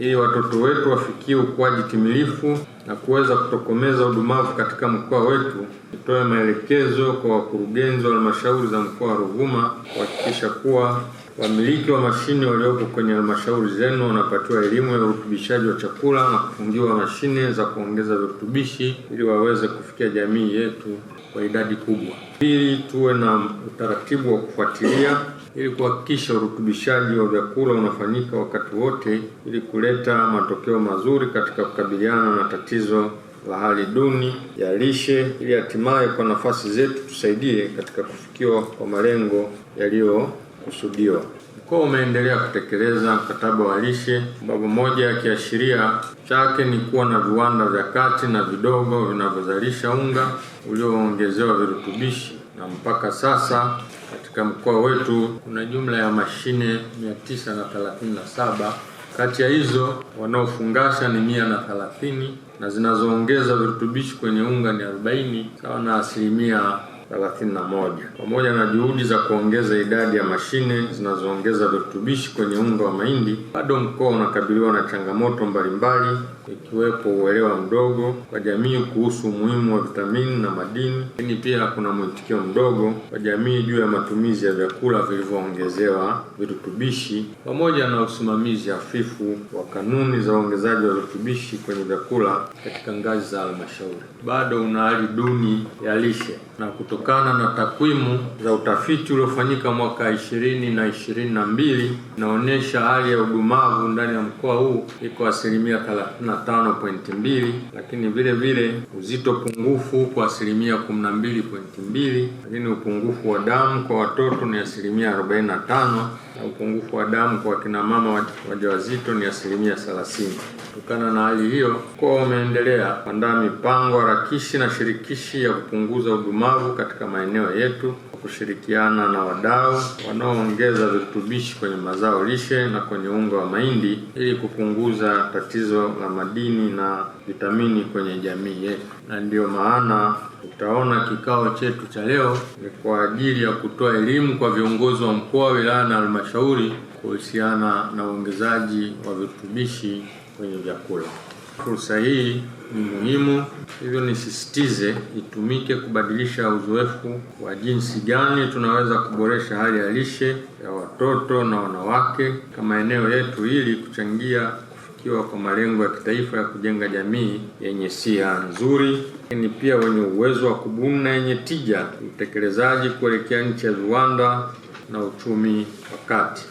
ili watoto wetu wafikie ukuaji timilifu na kuweza kutokomeza udumavu katika mkoa wetu. Nitoe maelekezo kwa wakurugenzi wa halmashauri za mkoa wa Ruvuma kuhakikisha kuwa wamiliki wa mashine waliopo kwenye halmashauri zenu wanapatiwa elimu ya urutubishaji wa chakula na kufungiwa mashine za kuongeza virutubishi ili waweze kufikia jamii yetu kwa idadi kubwa. Pili, tuwe na utaratibu wa kufuatilia ili kuhakikisha urutubishaji wa vyakula unafanyika wakati wote ili kuleta matokeo mazuri katika kukabiliana na tatizo la hali duni ya lishe ili hatimaye kwa nafasi zetu tusaidie katika kufikiwa kwa malengo yaliyokusudiwa. Mkoa umeendelea kutekeleza mkataba wa lishe ambapo moja ya kiashiria chake ni kuwa na viwanda vya kati na vidogo vinavyozalisha unga ulioongezewa virutubishi na mpaka sasa katika mkoa wetu kuna jumla ya mashine 937. Kati ya hizo wanaofungasha ni mia na na zinazoongeza virutubishi kwenye unga ni 40 sawa na asilimia 31, pamoja na juhudi za kuongeza idadi ya mashine zinazoongeza virutubishi kwenye unga wa mahindi, bado mkoa unakabiliwa na changamoto mbalimbali ikiwepo uelewa mdogo kwa jamii kuhusu umuhimu wa vitamini na madini, lakini pia kuna mwitikio mdogo kwa jamii juu ya matumizi ya vyakula vilivyoongezewa virutubishi, pamoja na usimamizi hafifu wa kanuni za uongezaji wa virutubishi kwenye vyakula katika ngazi za halmashauri. Bado una hali duni ya lishe, na kutokana na takwimu za utafiti uliofanyika mwaka ishirini na ishirini na mbili inaonyesha hali ya udumavu ndani ya mkoa huu iko asilimia thelathini 55.2, lakini vile vile uzito pungufu kwa asilimia 12.2, lakini upungufu wa damu kwa watoto ni asilimia 45 na upungufu wa damu kwa kina mama wajawazito ni asilimia 30. Kutokana na hali hiyo, mkoa umeendelea kuandaa mipango harakishi na shirikishi ya kupunguza udumavu katika maeneo yetu kushirikiana na wadau wanaoongeza virutubishi kwenye mazao lishe na kwenye unga wa mahindi ili kupunguza tatizo la madini na vitamini kwenye jamii yetu, na ndiyo maana utaona kikao chetu cha leo ni kwa ajili ya kutoa elimu kwa viongozi wa mkoa, wilaya na halmashauri kuhusiana na uongezaji wa virutubishi kwenye vyakula. Fursa hii ni muhimu, hivyo nisisitize itumike kubadilisha uzoefu wa jinsi gani tunaweza kuboresha hali ya lishe ya watoto na wanawake kama eneo yetu ili kuchangia ikiwa kwa malengo ya kitaifa ya kujenga jamii yenye siha nzuri, lakini pia wenye uwezo wa kubuni na yenye tija, utekelezaji kuelekea nchi ya viwanda na uchumi wa kati.